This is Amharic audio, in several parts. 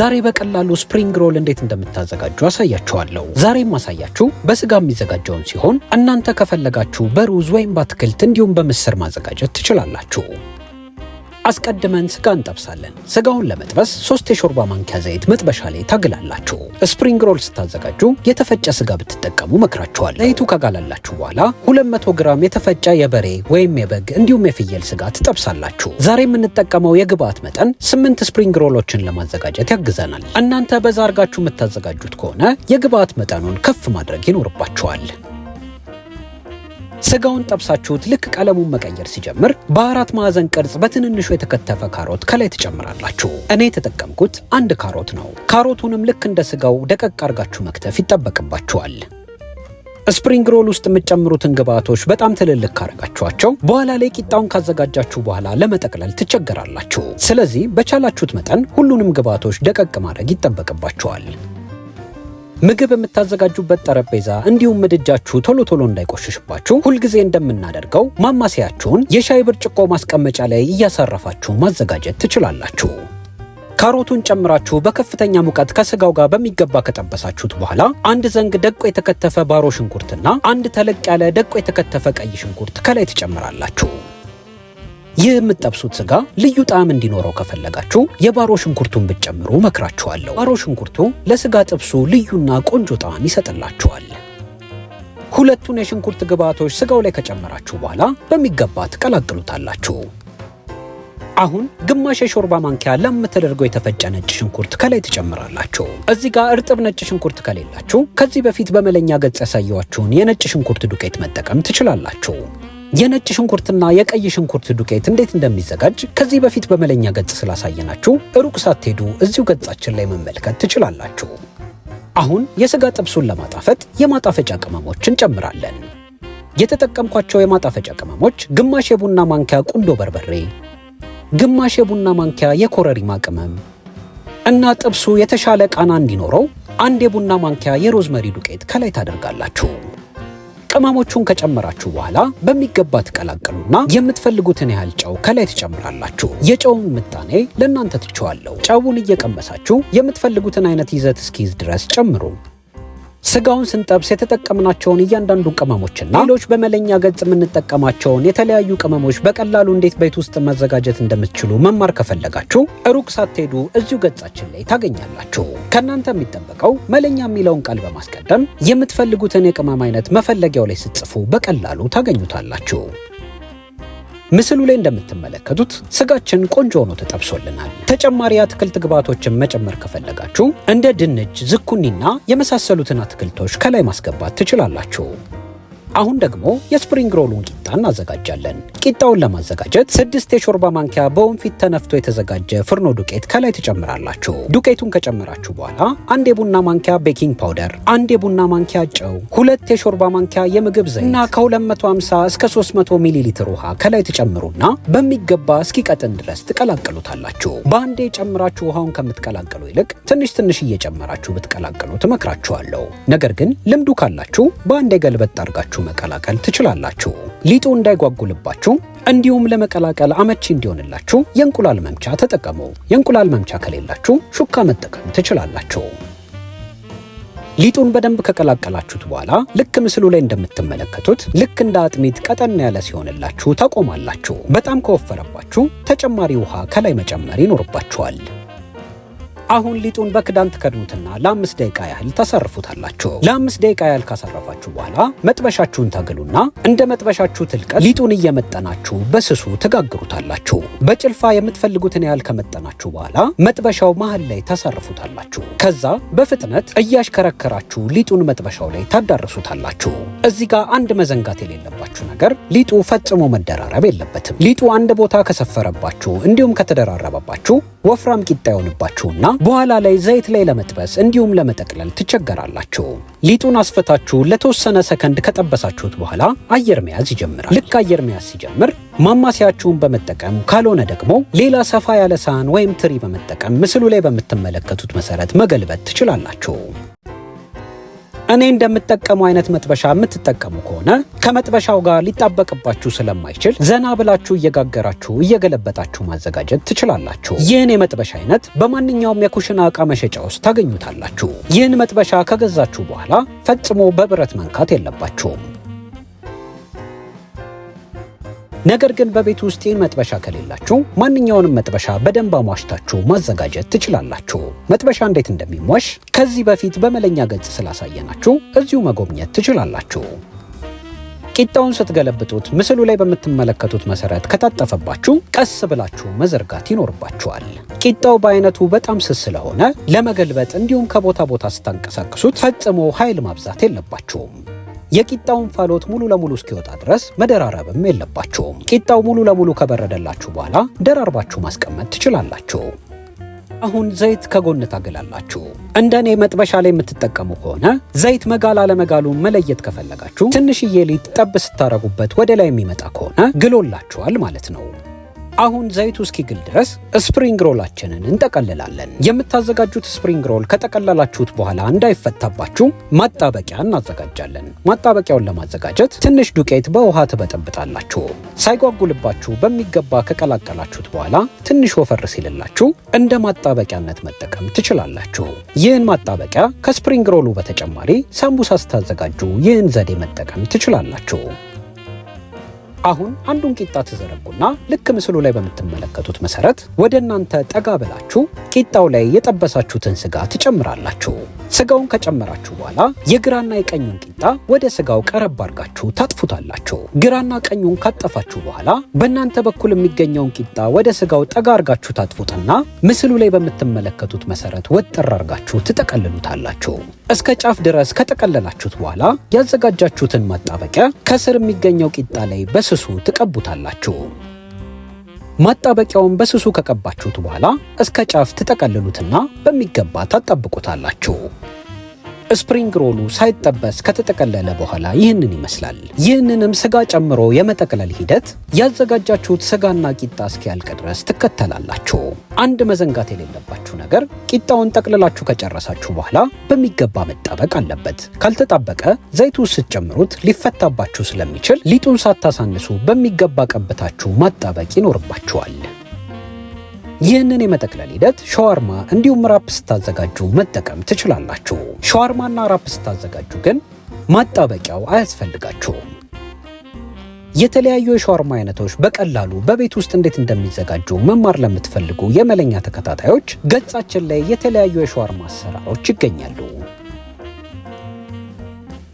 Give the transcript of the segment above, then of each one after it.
ዛሬ በቀላሉ ስፕሪንግ ሮል እንዴት እንደምታዘጋጁ አሳያችኋለሁ። ዛሬ ማሳያችሁ በስጋ የሚዘጋጀውን ሲሆን እናንተ ከፈለጋችሁ በሩዝ ወይም በአትክልት እንዲሁም በምስር ማዘጋጀት ትችላላችሁ። አስቀድመን ስጋ እንጠብሳለን። ስጋውን ለመጥበስ ሶስት የሾርባ ማንኪያ ዘይት መጥበሻ ላይ ታግላላችሁ። ስፕሪንግ ሮል ስታዘጋጁ የተፈጨ ስጋ ብትጠቀሙ መክራችኋል። ዘይቱ ካጋላላችሁ በኋላ 200 ግራም የተፈጨ የበሬ ወይም የበግ እንዲሁም የፍየል ስጋ ትጠብሳላችሁ። ዛሬ የምንጠቀመው የግብአት መጠን ስምንት ስፕሪንግ ሮሎችን ለማዘጋጀት ያግዘናል። እናንተ በዛ አርጋችሁ የምታዘጋጁት ከሆነ የግብአት መጠኑን ከፍ ማድረግ ይኖርባችኋል። ስጋውን ጠብሳችሁት ልክ ቀለሙን መቀየር ሲጀምር በአራት ማዕዘን ቅርጽ በትንንሹ የተከተፈ ካሮት ከላይ ትጨምራላችሁ። እኔ የተጠቀምኩት አንድ ካሮት ነው። ካሮቱንም ልክ እንደ ስጋው ደቀቅ አርጋችሁ መክተፍ ይጠበቅባችኋል። ስፕሪንግ ሮል ውስጥ የምትጨምሩትን ግብአቶች በጣም ትልልቅ ካረጋችኋቸው በኋላ ላይ ቂጣውን ካዘጋጃችሁ በኋላ ለመጠቅለል ትቸገራላችሁ። ስለዚህ በቻላችሁት መጠን ሁሉንም ግብአቶች ደቀቅ ማድረግ ይጠበቅባችኋል። ምግብ የምታዘጋጁበት ጠረጴዛ እንዲሁም ምድጃችሁ ቶሎ ቶሎ እንዳይቆሽሽባችሁ ሁልጊዜ እንደምናደርገው ማማሰያችሁን የሻይ ብርጭቆ ማስቀመጫ ላይ እያሳረፋችሁ ማዘጋጀት ትችላላችሁ። ካሮቱን ጨምራችሁ በከፍተኛ ሙቀት ከስጋው ጋር በሚገባ ከጠበሳችሁት በኋላ አንድ ዘንግ ደቆ የተከተፈ ባሮ ሽንኩርትና አንድ ተለቅ ያለ ደቆ የተከተፈ ቀይ ሽንኩርት ከላይ ትጨምራላችሁ። ይህ ስጋ ልዩ ጣዕም እንዲኖረው ከፈለጋችሁ የባሮ ሽንኩርቱን ብትጨምሩ መክራችኋለሁ። ባሮ ሽንኩርቱ ለስጋ ጥብሱ ልዩና ቆንጆ ጣዕም ይሰጥላችኋል። ሁለቱን የሽንኩርት ግብዓቶች ስጋው ላይ ከጨመራችሁ በኋላ በሚገባ ትቀላቅሉታላችሁ። አሁን ግማሽ የሾርባ ማንኪያ ለምትደርገው የተፈጨ ነጭ ሽንኩርት ከላይ ትጨምራላችሁ። እዚህ ጋር እርጥብ ነጭ ሽንኩርት ከሌላችሁ ከዚህ በፊት በመለኛ ገጽ ያሳየዋችሁን የነጭ ሽንኩርት ዱቄት መጠቀም ትችላላችሁ። የነጭ ሽንኩርትና የቀይ ሽንኩርት ዱቄት እንዴት እንደሚዘጋጅ ከዚህ በፊት በመለኛ ገጽ ስላሳየናችሁ ሩቅ ሳትሄዱ እዚሁ ገጻችን ላይ መመልከት ትችላላችሁ። አሁን የስጋ ጥብሱን ለማጣፈጥ የማጣፈጫ ቅመሞች እንጨምራለን። የተጠቀምኳቸው የማጣፈጫ ቅመሞች ግማሽ የቡና ማንኪያ ቁንዶ በርበሬ፣ ግማሽ የቡና ማንኪያ የኮረሪማ ቅመም እና ጥብሱ የተሻለ ቃና እንዲኖረው አንድ የቡና ማንኪያ የሮዝመሪ ዱቄት ከላይ ታደርጋላችሁ። ቅመሞቹን ከጨመራችሁ በኋላ በሚገባ ትቀላቀሉና የምትፈልጉትን ያህል ጨው ከላይ ትጨምራላችሁ። የጨውን ምጣኔ ለእናንተ ትቼዋለሁ። ጨውን እየቀመሳችሁ የምትፈልጉትን አይነት ይዘት እስኪይዝ ድረስ ጨምሩ። ስጋውን ስንጠብስ የተጠቀምናቸውን እያንዳንዱ ቅመሞችና ሌሎች በመለኛ ገጽ የምንጠቀማቸውን የተለያዩ ቅመሞች በቀላሉ እንዴት ቤት ውስጥ መዘጋጀት እንደምትችሉ መማር ከፈለጋችሁ ሩቅ ሳትሄዱ እዚሁ ገጻችን ላይ ታገኛላችሁ። ከእናንተ የሚጠበቀው መለኛ የሚለውን ቃል በማስቀደም የምትፈልጉትን የቅመም አይነት መፈለጊያው ላይ ስትጽፉ በቀላሉ ታገኙታላችሁ። ምስሉ ላይ እንደምትመለከቱት ስጋችን ቆንጆ ሆኖ ተጠብሶልናል። ተጨማሪ የአትክልት ግብዓቶችን መጨመር ከፈለጋችሁ እንደ ድንች፣ ዝኩኒና የመሳሰሉትን አትክልቶች ከላይ ማስገባት ትችላላችሁ። አሁን ደግሞ የስፕሪንግ ሮሉን ቂጣ እናዘጋጃለን። ቂጣውን ለማዘጋጀት ስድስት የሾርባ ማንኪያ በወንፊት ተነፍቶ የተዘጋጀ ፍርኖ ዱቄት ከላይ ትጨምራላችሁ። ዱቄቱን ከጨመራችሁ በኋላ አንድ የቡና ማንኪያ ቤኪንግ ፓውደር፣ አንድ የቡና ማንኪያ ጨው፣ ሁለት የሾርባ ማንኪያ የምግብ ዘይት እና ከ250 እስከ 300 ሚሊ ሊትር ውሃ ከላይ ትጨምሩና በሚገባ እስኪቀጥን ድረስ ትቀላቅሉታላችሁ። በአንዴ ጨምራችሁ ውሃውን ከምትቀላቅሉ ይልቅ ትንሽ ትንሽ እየጨመራችሁ ብትቀላቅሉ ትመክራችኋለሁ። ነገር ግን ልምዱ ካላችሁ በአንዴ ገልበጥ አድርጋችሁ አብራችሁ መቀላቀል ትችላላችሁ። ሊጡ እንዳይጓጉልባችሁ እንዲሁም ለመቀላቀል አመቺ እንዲሆንላችሁ የእንቁላል መምቻ ተጠቀሙ። የእንቁላል መምቻ ከሌላችሁ ሹካ መጠቀም ትችላላችሁ። ሊጡን በደንብ ከቀላቀላችሁት በኋላ ልክ ምስሉ ላይ እንደምትመለከቱት ልክ እንደ አጥሚት ቀጠን ያለ ሲሆንላችሁ ታቆማላችሁ። በጣም ከወፈረባችሁ ተጨማሪ ውሃ ከላይ መጨመር ይኖርባችኋል። አሁን ሊጡን በክዳን ትከድኑትና ለአምስት ደቂቃ ያህል ተሰርፉታላችሁ። ለአምስት ደቂቃ ያህል ካሰረፋችሁ በኋላ መጥበሻችሁን ተግሉና እንደ መጥበሻችሁ ትልቀት ሊጡን እየመጠናችሁ በስሱ ትጋግሩታላችሁ። በጭልፋ የምትፈልጉትን ያህል ከመጠናችሁ በኋላ መጥበሻው መሀል ላይ ተሰርፉታላችሁ ከዛ በፍጥነት እያሽከረከራችሁ ሊጡን መጥበሻው ላይ ታዳርሱታላችሁ። እዚህ ጋር አንድ መዘንጋት የሌለባችሁ ነገር ሊጡ ፈጽሞ መደራረብ የለበትም። ሊጡ አንድ ቦታ ከሰፈረባችሁ እንዲሁም ከተደራረበባችሁ ወፍራም ቂጣ ይሆንባችሁና በኋላ ላይ ዘይት ላይ ለመጥበስ እንዲሁም ለመጠቅለል ትቸገራላችሁ። ሊጡን አስፈታችሁ ለተወሰነ ሰከንድ ከጠበሳችሁት በኋላ አየር መያዝ ይጀምራል። ልክ አየር መያዝ ሲጀምር ማማሰያችሁን በመጠቀም ካልሆነ ደግሞ ሌላ ሰፋ ያለ ሳህን ወይም ትሪ በመጠቀም ምስሉ ላይ በምትመለከቱት መሰረት መገልበጥ ትችላላችሁ። እኔ እንደምጠቀመው አይነት መጥበሻ የምትጠቀሙ ከሆነ ከመጥበሻው ጋር ሊጣበቅባችሁ ስለማይችል ዘና ብላችሁ እየጋገራችሁ እየገለበጣችሁ ማዘጋጀት ትችላላችሁ። ይህን የመጥበሻ አይነት በማንኛውም የኩሽና ዕቃ መሸጫ ውስጥ ታገኙታላችሁ። ይህን መጥበሻ ከገዛችሁ በኋላ ፈጽሞ በብረት መንካት የለባችሁም። ነገር ግን በቤት ውስጥ ይህን መጥበሻ ከሌላችሁ ማንኛውንም መጥበሻ በደንብ አሟሽታችሁ ማዘጋጀት ትችላላችሁ። መጥበሻ እንዴት እንደሚሟሽ ከዚህ በፊት በመለኛ ገጽ ስላሳየናችሁ እዚሁ መጎብኘት ትችላላችሁ። ቂጣውን ስትገለብጡት ምስሉ ላይ በምትመለከቱት መሰረት ከታጠፈባችሁ ቀስ ብላችሁ መዘርጋት ይኖርባችኋል። ቂጣው በአይነቱ በጣም ስስ ስለሆነ ለመገልበጥ እንዲሁም ከቦታ ቦታ ስታንቀሳቅሱት ፈጽሞ ኃይል ማብዛት የለባችሁም። የቂጣውን እንፋሎት ሙሉ ለሙሉ እስኪወጣ ድረስ መደራረብም የለባቸውም። ቂጣው ሙሉ ለሙሉ ከበረደላችሁ በኋላ ደራርባችሁ ማስቀመጥ ትችላላችሁ። አሁን ዘይት ከጎን ታገላላችሁ። እንደ እኔ መጥበሻ ላይ የምትጠቀሙ ከሆነ ዘይት መጋል አለመጋሉን መለየት ከፈለጋችሁ ትንሽዬ ሊጥ ጠብ ስታረጉበት ወደ ላይ የሚመጣ ከሆነ ግሎላችኋል ማለት ነው። አሁን ዘይቱ እስኪግል ድረስ ስፕሪንግ ሮላችንን እንጠቀልላለን። የምታዘጋጁት ስፕሪንግ ሮል ከጠቀለላችሁት በኋላ እንዳይፈታባችሁ ማጣበቂያ እናዘጋጃለን። ማጣበቂያውን ለማዘጋጀት ትንሽ ዱቄት በውሃ ትበጠብጣላችሁ። ሳይጓጉልባችሁ በሚገባ ከቀላቀላችሁት በኋላ ትንሽ ወፈር ሲልላችሁ እንደ ማጣበቂያነት መጠቀም ትችላላችሁ። ይህን ማጣበቂያ ከስፕሪንግ ሮሉ በተጨማሪ ሳምቡሳ ስታዘጋጁ ይህን ዘዴ መጠቀም ትችላላችሁ። አሁን አንዱን ቂጣ ትዘረጉና ልክ ምስሉ ላይ በምትመለከቱት መሰረት ወደ እናንተ ጠጋ ብላችሁ ቂጣው ላይ የጠበሳችሁትን ስጋ ትጨምራላችሁ። ስጋውን ከጨመራችሁ በኋላ የግራና የቀኙን ቂጣ ወደ ስጋው ቀረብ አርጋችሁ ታጥፉታላችሁ። ግራና ቀኙን ካጠፋችሁ በኋላ በእናንተ በኩል የሚገኘውን ቂጣ ወደ ስጋው ጠጋ አርጋችሁ ታጥፉትና ምስሉ ላይ በምትመለከቱት መሰረት ወጥር አርጋችሁ ትጠቀልሉታላችሁ። እስከ ጫፍ ድረስ ከጠቀለላችሁት በኋላ ያዘጋጃችሁትን ማጣበቂያ ከስር የሚገኘው ቂጣ ላይ በስ ስሱ ትቀቡታላችሁ። ማጣበቂያውን በስሱ ከቀባችሁት በኋላ እስከ ጫፍ ትጠቀልሉትና በሚገባ ታጣብቁታላችሁ። ስፕሪንግ ሮሉ ሳይጠበስ ከተጠቀለለ በኋላ ይህንን ይመስላል። ይህንንም ስጋ ጨምሮ የመጠቅለል ሂደት ያዘጋጃችሁት ስጋና ቂጣ እስኪያልቅ ድረስ ትከተላላችሁ። አንድ መዘንጋት የሌለባችሁ ነገር ቂጣውን ጠቅልላችሁ ከጨረሳችሁ በኋላ በሚገባ መጣበቅ አለበት። ካልተጣበቀ ዘይቱ ስትጨምሩት ሊፈታባችሁ ስለሚችል ሊጡን ሳታሳንሱ በሚገባ ቀብታችሁ ማጣበቅ ይኖርባችኋል። ይህንን የመጠቅለል ሂደት ሸዋርማ እንዲሁም ራፕ ስታዘጋጁ መጠቀም ትችላላችሁ። ሸዋርማና ራፕ ስታዘጋጁ ግን ማጣበቂያው አያስፈልጋችሁም። የተለያዩ የሸዋርማ አይነቶች በቀላሉ በቤት ውስጥ እንዴት እንደሚዘጋጁ መማር ለምትፈልጉ የመለኛ ተከታታዮች ገጻችን ላይ የተለያዩ የሸዋርማ አሰራሮች ይገኛሉ።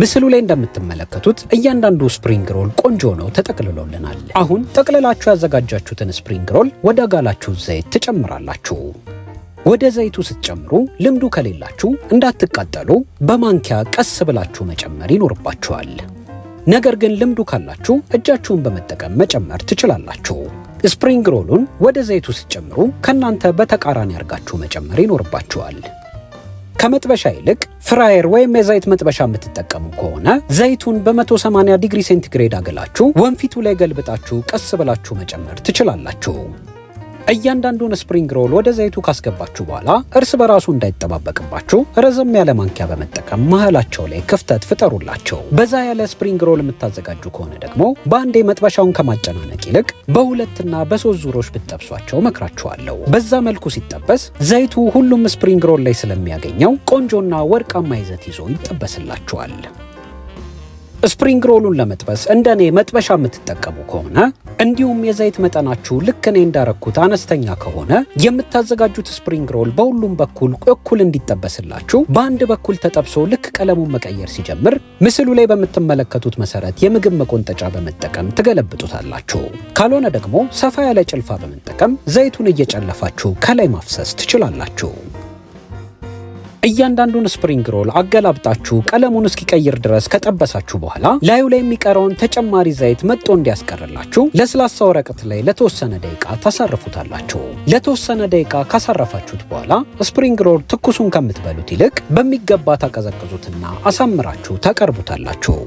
ምስሉ ላይ እንደምትመለከቱት እያንዳንዱ ስፕሪንግ ሮል ቆንጆ ነው ተጠቅልሎልናል። አሁን ጠቅልላችሁ ያዘጋጃችሁትን ስፕሪንግ ሮል ወደ ጋላችሁ ዘይት ትጨምራላችሁ። ወደ ዘይቱ ስትጨምሩ ልምዱ ከሌላችሁ እንዳትቃጠሉ በማንኪያ ቀስ ብላችሁ መጨመር ይኖርባችኋል። ነገር ግን ልምዱ ካላችሁ እጃችሁን በመጠቀም መጨመር ትችላላችሁ። ስፕሪንግ ሮሉን ወደ ዘይቱ ስትጨምሩ ከእናንተ በተቃራኒ አድርጋችሁ መጨመር ይኖርባችኋል። ከመጥበሻ ይልቅ ፍራየር ወይም የዘይት መጥበሻ የምትጠቀሙ ከሆነ ዘይቱን በ180 ዲግሪ ሴንቲግሬድ አገላችሁ ወንፊቱ ላይ ገልብጣችሁ ቀስ ብላችሁ መጨመር ትችላላችሁ። እያንዳንዱን ስፕሪንግ ሮል ወደ ዘይቱ ካስገባችሁ በኋላ እርስ በራሱ እንዳይጠባበቅባችሁ ረዘም ያለ ማንኪያ በመጠቀም መሀላቸው ላይ ክፍተት ፍጠሩላቸው። በዛ ያለ ስፕሪንግ ሮል የምታዘጋጁ ከሆነ ደግሞ በአንዴ መጥበሻውን ከማጨናነቅ ይልቅ በሁለትና በሶስት ዙሮች ብትጠብሷቸው መክራችኋለሁ። በዛ መልኩ ሲጠበስ ዘይቱ ሁሉም ስፕሪንግ ሮል ላይ ስለሚያገኘው ቆንጆና ወርቃማ ይዘት ይዞ ይጠበስላችኋል። ስፕሪንግ ሮሉን ለመጥበስ እንደኔ መጥበሻ የምትጠቀሙ ከሆነ እንዲሁም የዘይት መጠናችሁ ልክ እኔ እንዳረኩት አነስተኛ ከሆነ የምታዘጋጁት ስፕሪንግ ሮል በሁሉም በኩል እኩል እንዲጠበስላችሁ በአንድ በኩል ተጠብሶ ልክ ቀለሙን መቀየር ሲጀምር ምስሉ ላይ በምትመለከቱት መሰረት የምግብ መቆንጠጫ በመጠቀም ትገለብጡታላችሁ። ካልሆነ ደግሞ ሰፋ ያለ ጭልፋ በመጠቀም ዘይቱን እየጨለፋችሁ ከላይ ማፍሰስ ትችላላችሁ። እያንዳንዱን ስፕሪንግ ሮል አገላብጣችሁ ቀለሙን እስኪቀይር ድረስ ከጠበሳችሁ በኋላ ላዩ ላይ የሚቀረውን ተጨማሪ ዘይት መጦ እንዲያስቀርላችሁ ለስላሳ ወረቀት ላይ ለተወሰነ ደቂቃ ታሳርፉታላችሁ። ለተወሰነ ደቂቃ ካሳረፋችሁት በኋላ ስፕሪንግ ሮል ትኩሱን ከምትበሉት ይልቅ በሚገባ ታቀዘቅዙትና አሳምራችሁ ታቀርቡታላችሁ።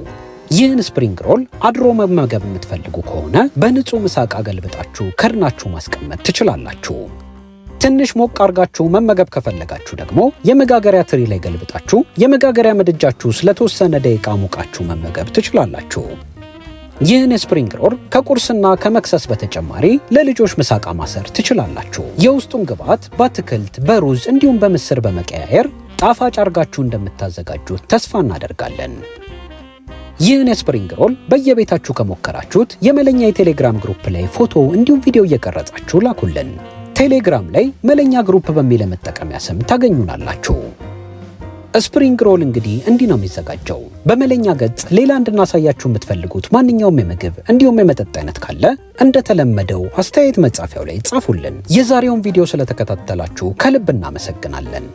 ይህን ስፕሪንግ ሮል አድሮ መመገብ የምትፈልጉ ከሆነ በንጹህ ምሳቅ አገልብጣችሁ ከድናችሁ ማስቀመጥ ትችላላችሁ። ትንሽ ሞቅ አርጋችሁ መመገብ ከፈለጋችሁ ደግሞ የመጋገሪያ ትሪ ላይ ገልብጣችሁ የመጋገሪያ ምድጃችሁ ስለተወሰነ ደቂቃ ሞቃችሁ መመገብ ትችላላችሁ። ይህን ስፕሪንግ ሮል ከቁርስና ከመክሰስ በተጨማሪ ለልጆች ምሳቃ ማሰር ትችላላችሁ። የውስጡን ግብዓት በአትክልት በሩዝ እንዲሁም በምስር በመቀያየር ጣፋጭ አርጋችሁ እንደምታዘጋጁት ተስፋ እናደርጋለን። ይህን ስፕሪንግ ሮል በየቤታችሁ ከሞከራችሁት የመለኛ የቴሌግራም ግሩፕ ላይ ፎቶ እንዲሁም ቪዲዮ እየቀረጻችሁ ላኩልን። ቴሌግራም ላይ መለኛ ግሩፕ በሚል መጠቀሚያ ስም ታገኙናላችሁ። ስፕሪንግ ሮል እንግዲህ እንዲህ ነው የሚዘጋጀው። በመለኛ ገጽ ሌላ እንድናሳያችሁ የምትፈልጉት ማንኛውም የምግብ እንዲሁም የመጠጥ አይነት ካለ እንደተለመደው አስተያየት መጻፊያው ላይ ጻፉልን። የዛሬውን ቪዲዮ ስለተከታተላችሁ ከልብ እናመሰግናለን።